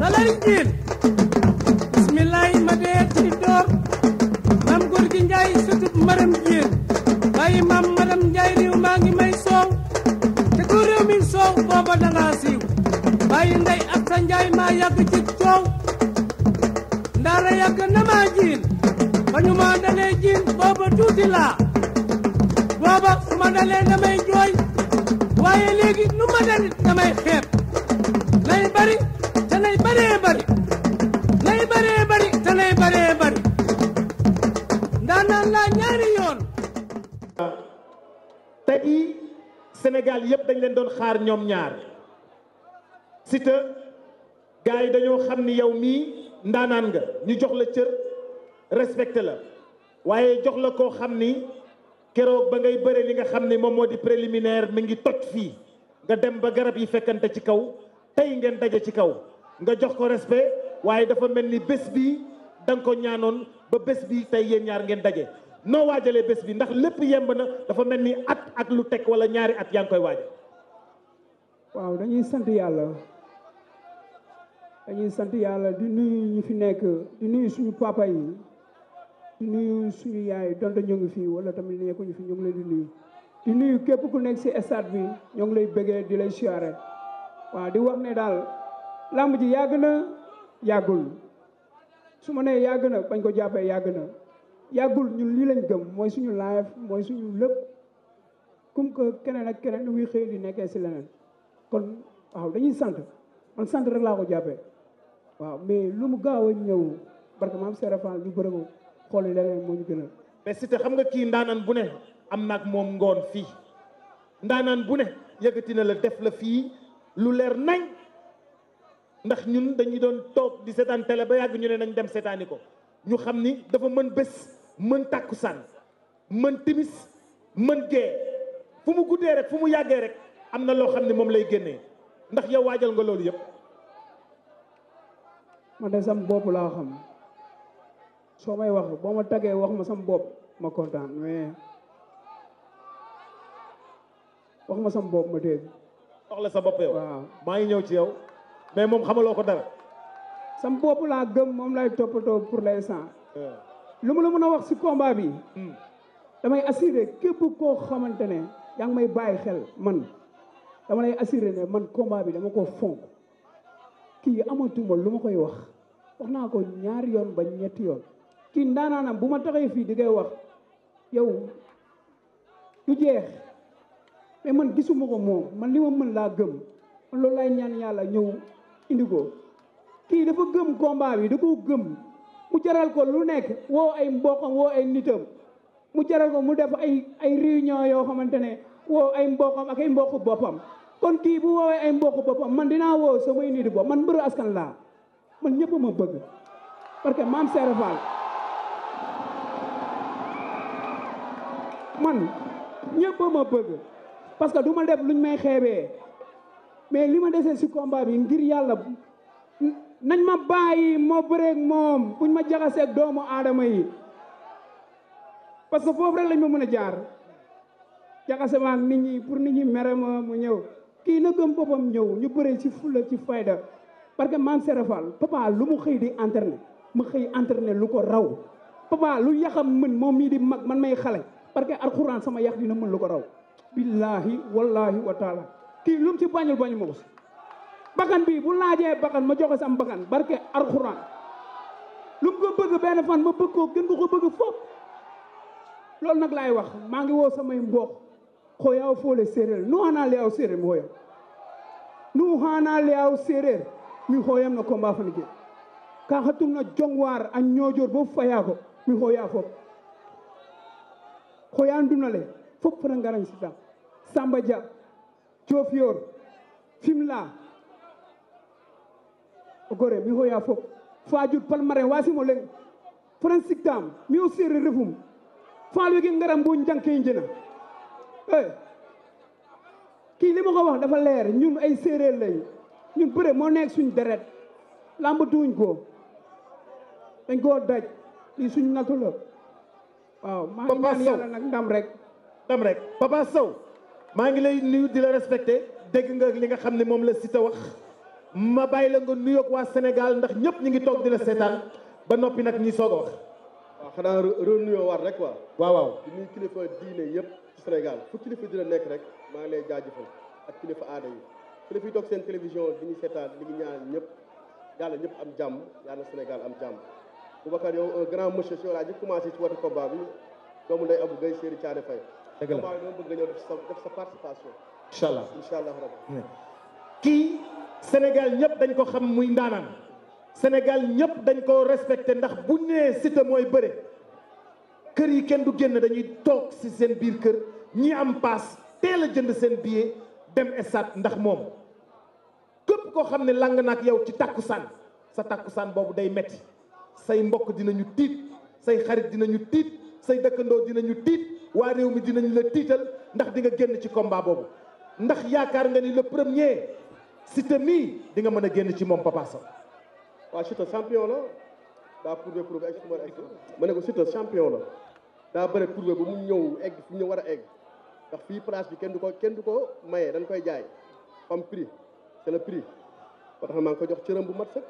salari jiin bismillaay ma dee ci door maam góor njaay sutub maram jiin bàyyi maam maram njaay riw maa ngi may soow te ku mi soow booba danga siiw ndey ak sa njaay maa yàgg ci coow ndaara yàgg na maa jiin ba dalee jiin booba tuuti booba ma dalee damay jooy waaye léegi nu ma dalit damay xeeb nay bari te lay bëree bëri lay bëree bëri te lay bëree bëri ndaanaan laa ñaari yoon tey Sénégal yëpp dañ leen doon xaar ñoom ñaar Siteu gars yi dañoo xam ni yow mii ndaanaan nga ñu jox la cër respecté la waaye jox la koo xam ni keroog ba ngay bare li nga xam ni moom moo di préliminaire mi ngi toj fii nga dem ba garab yi fekkante ci kaw tay ngeen dajé ci kaw nga jox ko respect waye dafa melni ni bi dang ko ñaanon ba bés bi tay yeen ñaar ngeen dajé no wajalé bés bi ndax lepp yemb na dafa melni ni at ak lu tek wala ñaari at yang koy wajé waaw dañuy sant yalla dañuy sant yalla di nuyu ñu fi nekk di nuyu suñu papa yi di nuyu suñu yaay donte ñu ngi fi wala tamit ñu fi ñu ngi leen di nuyu. di nuyu képp ku nekk ci stade bi ñu ngi lay bëggee di lay siyaare. waaw di wax ne daal làmb ji yàgg na yàggul su ma nee yàgg na bañ ko jàppee yàgg na yàggul ñun lii lañ gëm mooy suñu live mooy suñu lépp comme que keneen ak keneen nu muy xëy di nekkee si leneen kon waaw dañuy sant man sant rek laa ko jàppee waaw mais lu mu gaaw a ñëw parce que maam Serap Fall ñu bëri ko xooli leneen moo ñu gën a. mais Siteu xam nga kii ndaanaan bu ne am na ak moom ngoon fii ndaanaan bu ne yëkkati na la def la fii. lu leer nañ ndax ñun dañuy doon toog di setan télé ba yàgg ñu ne nañ dem seetaani ñu xam ni dafa mën bés mën takusan mën timis mën gee fu mu guddee rek fu mu yàggee rek am na loo xam ne moom lay génnee ndax yow waajal nga loolu yëpp man de sam bopp laa xam soo may wax boo ma tagee wax ma sam bopp ma kontaan mais wax ma sam bopp ma dégg soxla sa bopp yow. waaw ngi ñew ci yow. mais mom xamalo ya. hmm. ko dara. sam bop la gëm mom lay topato pour l'instant. lu mu la mën wax si combat bi. damay assurer képp ko xamantene yang ngi may bàyyi xel man dama lay assurer ne man combat bi dama ko fonk ki amatuma lu ma koy wax wax naa ko ñaar yoon ba ñetti yoon ki ndaanaanam bu ma taxay fii di wax yow du jeex mais eh, man gisumako mom man li man la laa gëm man loolu lay ñaan yalla ñew indi ko kii dafa gëm combat bi da koo gëm mu jaral ko lu nekk wo ay mbokam wo ay nitam mu jaral ko mu def ay ay réunion yo xamantene wo ay mbokam ak ay mbokk bopam kon ki bu wowe ay mbokk bopam man dina wo sama nit bo man mbeur askan la man ñëpp ma bëgg parce que mam serval man ñëpp ma bëgg parce que du def luñ may xébé mais lima déssé ci combat bi ngir yalla nañ ma mo ma ak mom buñ ma ak doomu adama yi parce que fofu rek lañ ma mëna jaar jaxassé ma ak nit ñi pour nit ñi mere ma mu ñëw ki na gëm bopam ñëw ñu bëree ci fulla ci fayda parce que serafal papa lu mu xey di internet, ma xey internet lu ko raw papa lu yaxam mën mom mi di mag man may xalé parce que alcorane sama yax dina mën lu ko raw billaahi wallaahi wa kii lu mu si bañul bañu ma bii bu laajee bakkan ma joxe sam bakkan barke alxuraan lu mu ko bëgg benn fan ma bëgg ko gën ko ko bëgg foofu loolu nag lay wax maa ngi woo samay mbokk xooyaw foole séeréer nu xanaa leyaw séeréer nu xanaa leyaw séeréer mi xooyam na combat fani ke ka xatum na jongwaar a ñoojoor bo fayaa ko mi xooya foofu xooyaan dunale fop fof ngaran ci musidɗam samba dia jofiyor fimla o gore mi hoya fof fajud palmarin wasimo leng poɗon sikkam mi o seere refum faaloyke ngara mbo janke jena eyi eh. kii li ma ko wax dafa leer ñun ay séeréer lañ ñun bëre mo nekk suñ deret duñ ko dañ ko daj li suñu natulo waaw ma ngi ñaan yàlla nag ndam rek tam rek Papa Sow maa ngi lay nuyu di la respecté dégg nga li nga xamne mom la cité wax ma bàyyi la nga ak wa Sénégal ndax ñëpp ñi ngi tok di la seetaan ba nopi nak ñi sogo a wax. xana ah, xanaa nuyu waat rek wa waaw waaw di nuyu kilifa diine yëpp ci Sénégal fu kilifa dina nekk rek maa lay jaajëfal ak kilifa aada yi kilifa yi toog seen télévision di ñu seetaan di ñu ñaan ñëpp yàlla ñëpp am jamm yalla Sénégal am jàmm. Boubacar yow un grand monsieur wala wàllu commencé ci wàllu combat bi doomu lay Abou gay Serigne Thiaré Faye dëgg la combat Sénégal ñëpp dañ ko xam muy ndaanaan Sénégal ñëpp dañ ko respecté ndax bu nee Siteu mooy bëre kër yi kenn du génn dañuy toog si seen biir kër ñi am paas teel a jënd seen billet dem esat ndax moom képp koo xam ne lang naak yow ci takkusaan sa takkusaan boobu day metti say mbokk dinañu tiit say xarit dinañu tiit say dëkkandoo dinañu tiit waa réew mi dinañ la tiital ndax di nga génn ci combat boobu ndax yaakaar nga ni le premier Siteu mii di nga mën a génn ci moom Papa Sow. waaw Siteu champion la daa prouvé prouvé ak ma ma ne ko Siteu champion la daa bëre prouvé ba mu ñëw egg fu ñëw war a egg ndax fii place bi kenn du ko kenn du ko maye dañ koy jaay fam prix c'est le prix ba tax na maa ngi ko jox cëram bu mat sëkk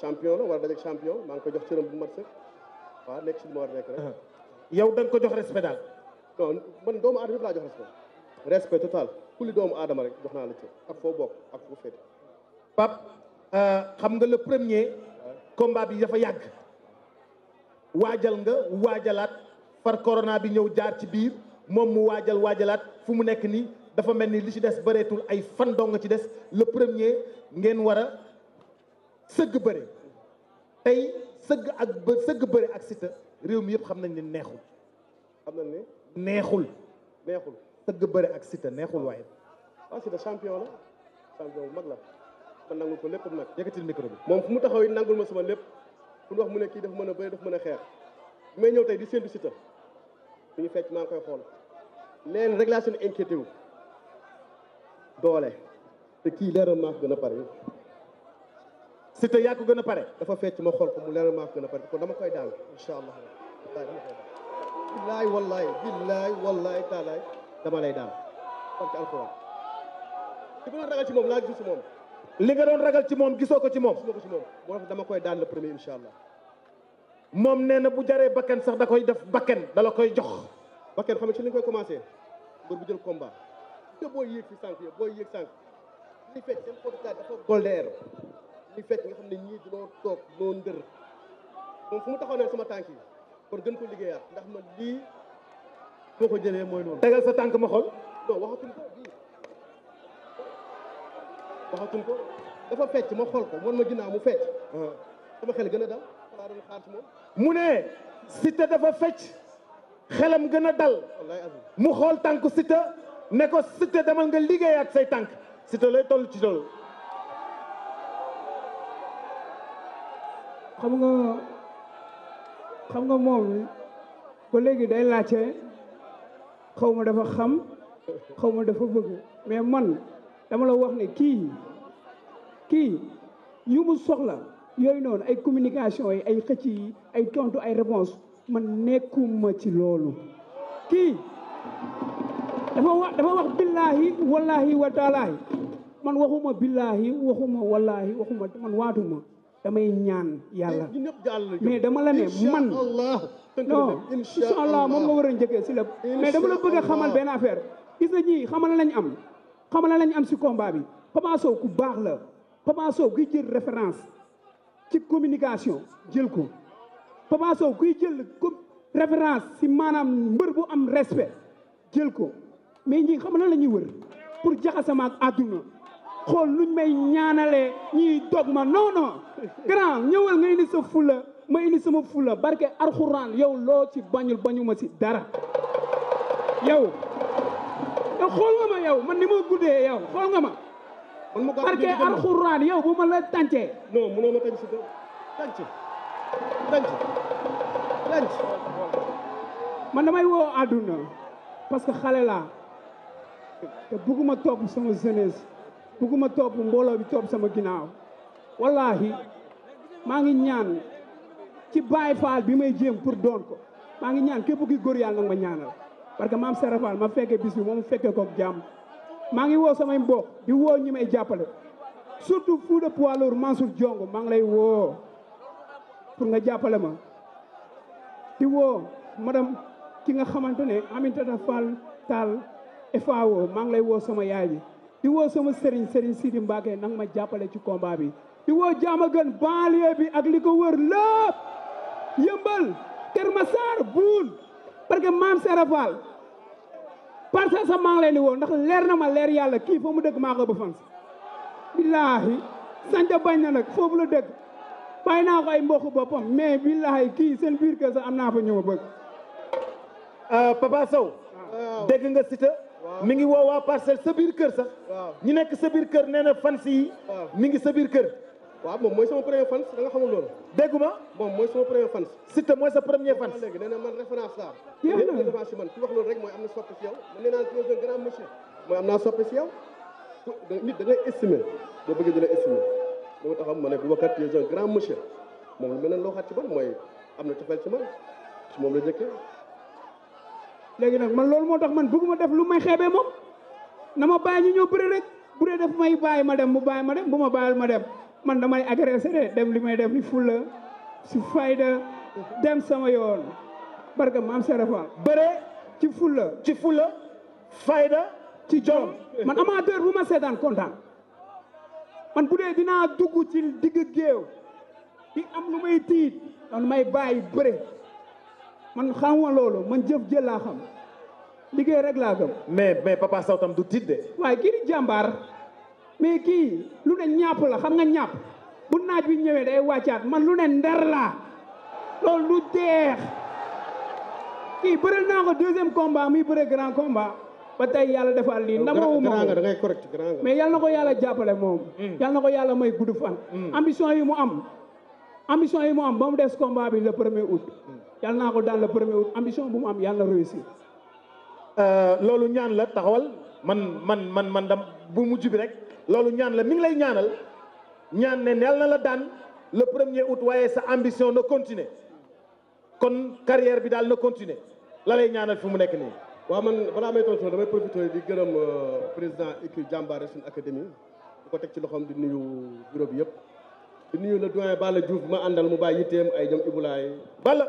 champion la war a dajeeg champion maa ngi ko jox cëram bu mat sëkk waa nekk si li ma war a nekk rek. Uh-huh. yow da ko jox respect non man doomu aadama yëpp laa jox respect respect total kulli doomu aadama rek jox naa la ci ak foo bokk ak foo féete Pape euh, xam nga le premier combat bi dafa yàgg waajal nga waajalaat far corona bi ñëw jaar ci biir moom mu waajal waajalaat fu mu nekk nii dafa mel ni li ci des bëreetul ay fan dong ci des le premier ngeen war a sëgg bëre tey sëgg ak sëgg bëre ak Siteu réew mi yëpp xam nañ ne neexul xam nañ neexul neexul tëgg bëri ak Siteu neexul waaye waaw ah, Siteu champion la champion bu mag la man nangul ko lépp nag yëkkatil micro bi moom fu mu taxaw it nangul ma sama lépp fu ñu wax mu ne kii dafa mën a bari dafa mën a xeex bi may ñëw tey di séntu Siteu bu ñu fecc maa koy xool leen rek laa seen inquiété wu doole te kii leeral maa ko gën a pare Siteu yaa ko gën a pare dafa fecc ma xool ko mu leeral maa ko gën a pare kon dama koy daal incha allah billaay wallaay billaay wallaay taalaay dama lay daan parce que alxuraan li nga doon ragal ci moom laa gis ci moom li nga doon ragal ci moom gisoo ko ci moom gisoo ko ci moom tax dama koy daan le premier incha allah moom nee na bu jaree bakken sax da koy def bakken dala koy jox bakken xam nga ci li nga koy commencé mbër bu jël combat te boo yéeg fi sànq yow boo yéeg sànq li fekk seen podcast dafa goldeer li fekk nga xam ne ñii dinoo toog noo ndër moom fu mu sama tànk yi pour gën ko liggéeyaat ndax ma lii foo ko jëlee mooy noonu. tegal sa tànk ma xool non waxatuñ ko dafa fecc ma xool ko man ma ginnaaw mu fecc. Ah. sama xel gën a dal xanaa mu ne dafa fecc xelam gën a dal mu xool tànk Siteu ne ko Siteu demal nga liggéeyaat say tànk Siteu lay toll ci loolu. ขาก็มองคนเล็กได้ละเชเขามาได้ฟังคำเขามาได้ฟังบุกเมี่มันแต่มาเราว่าไงคีคียูมุสกล่ะยูยอ้นนไอ้คุมมิวนิเชันไอ้ขจีไอ้ตอนโดไอ้รับมอสมันเนคุมมาชิลลุคีเดี๋ยวว่าเดี๋ยวว่าบิลลาฮิวัลลาฮิวะตาลัยมันว่าหุมาบิลลาฮิวะาหุมาวัลลาฮิวะาหุมามันว่าถุมา damay ñaan yàlla mais dama la ne man non incha allah moom nga war a njëkkee si lépp mais dama la bëgg a xamal benn affaire gis na ñii xamal lañ am xamal lañ am si combat bi Papa Sow ku baax la Papa Sow kuy jël référence ci communication jël ko Papa Sow kuy jël référence si maanaam mbër bu am respect jël ko mais ñii xamal la ñuy wër pour jaxasamaak àdduna xool luñ may ñaanalee ñuy dog ma non non grand ñëwal nga indi sa fula ma indi sama fula barke alxuraan yow loo ci bañul bañu ma ci dara yow yow xool nga ma yow man ni ma guddee yow xool nga ma barke alxuraan yow bu ma la tàncee non mënoo ma man damay woo àdduna parce que xale laa te bëgguma topp sama jeunesse bugguma topp mbooloo bi topp sama ginnaaw wallahi maa ngi ñaan ci Baay Faal bi may jéem pour doon ko maa ngi ñaan képp ki góor yàlla nga ma ñaanal parce que maam Sera ma fekkee bis bi moom fekkee ko jàmm maa ngi woo samay mbokk di woo ñi may jàppale surtout fou de poids lourd Mansour Diongo maa ngi lay woo pour nga jàppale ma di woo madame ki nga xamante ne Aminata Fall Tall FAO maa ngi lay woo sama yaay bi di woo sama sëriñ sëriñ Sidi Mbacke nang ma jàppale ci combat bi di woo Diamaguène banlieue bi ak li ko wër lépp yëmbal ma Massar buun parce que maam Serafal parce que sa maa ngi ndax leer na ma leer yàlla kii fa mu dëkk maa ko ba fan billaahi santa bañ na nag foofu la dëkk bàyyi naa ko ay mbokk boppam mais billaahi kii seen biir kër sax am naa fa ñëw bëgg euh, Papa Sow ah. nga Siteu mi ngi woo waa parcelle sa biir kër sax. ñu nekk sa biir kër nee na fans yi. mi ngi sa biir kër. waaw moom mooy sama premier fans da nga xamul loolu. déggu ma moom mooy sama premier fans. Siteu mooy sa premier fans. léegi nee na man référence laa. yéen a référence si man ki wax loolu rek mooy am na soppi si yow da ngay boo bëggee di la estimer dama taxaw ma ne Boubacar tu es un grand moom lu mel ne loo xaat mooy am na ci man ci moom la njëkkee. léegi nak man loolu motax man bëgguma def lu may xébé mom nama ma bàyyi ñu ñëw bëri rek bu dee def may bàyyi ma dem bu bàyyi ma dem buma bayal ma dem man damay agressé de dem limay may def li fulla ci fayda dem sama yoon barka mam Serapha. bëre ci fulla ci fulla fayda ci jom man amateur bu ma seetaan kontaan man bu dé dina dugg ci digg geew di am lu may tiit non may bàyyi bëre. man xamuma loolu man jëf jël xam liggéey rek laa gëm. mais mais papa Sow tam du tiit de. waaye kii di jàmbaar mais kii lu ne ñàpp la xam nga ñàpp bu naaj bi ñëwee day wàccaat man lu ne nder laa loolu du deex kii bëri naa ko deuxième combat muy bëri grand combat ba tey yàlla defal lii ndamoo ma da ngay correct grand mais yal na ko yàlla jàppale moom. Mm. yal na ko yàlla may gudd fan. Mm. ambition yi mu am ambition yi mu am ba mu des combat bi le premier août. Mm. yàlla naa ko daan la premier août ambition bu mu am yalla réussir euh loolu ñaan la taxawal man man man man dam bu mu jubi rek loolu ñaan la mi ngi lay ñaanal ñaan ne neel na la dan le premier août waye sa ambition ne continue kon carrière bi dal ne continue la lay ñaanal fu mu nek ni wa man bala may tontu damay profiter di gëreum président équipe Jambaré sun académie ko tek ci loxom di nuyu bureau bi yépp di nuyu le doyen Balla Diouf ma andal mu bay yitteem ay ñoom Ibulaay Balla.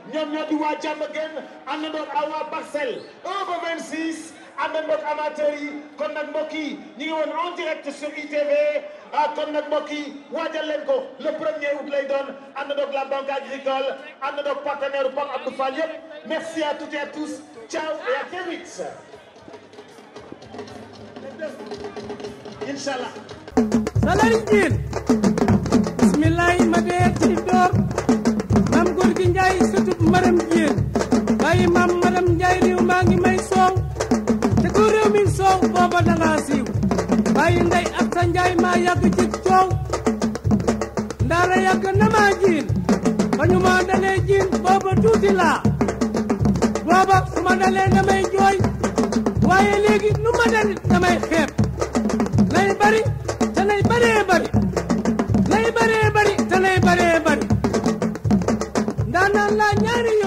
ñoom ñoo di waa jàmm gën àndandoog ak waa parcelle 1 ba 26 àndandoog amateur yi kon nag mbokk yi ñu ngi woon en direct sur ITV ah kon nag mbokk yi waajal leen ko le premier août lay doon àndandoog la banque agricole àndandoog partenaire bu Pape Abdou Fall yëpp merci à toutes et à tous ciao et à très vite. incha allah. salari jiin. bismillahi ma dee ci door. maam góor gi Njaay fit maram jéen bàyyi maam madam njaay riw maa ngi may soow te ku réew mi soow booba danga siiw bàyyi ak sa njaay maa yàgg ci coow ndaala yàgg na maa jiin ba dalee jiin booba tuuti laa ma dalee damay jooy waaye léegi nu ma dalit damay xeeb lay bari te lay baree bari lay baree bari te mañana.